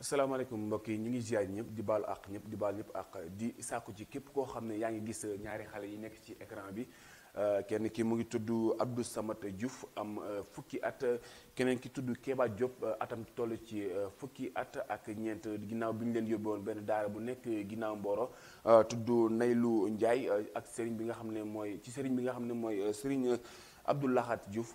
asalaamaaleykum mbokk yi ñu ngi ziar ñëpp di baalu ak ñëpp di baal ñëpp ak di sàkku ci képp koo xam ne yaa ngi gis uh, ñaari xale yi nekk ci écran bi uh, kenn ki mu ngi tudd Abdou Samad Diouf am uh, fukki at keneen ki tudd Kéba Diop atam toll ci fukki at ak ñeent ginnaaw bi ñu leen yóbboon benn daara bu nekk ginnaaw Mboro tudd Naylu Ndiaye ak sëriñ bi nga xam ne mooy ci sëriñ bi nga xam ne mooy sëriñ Abdou Lahat Diouf.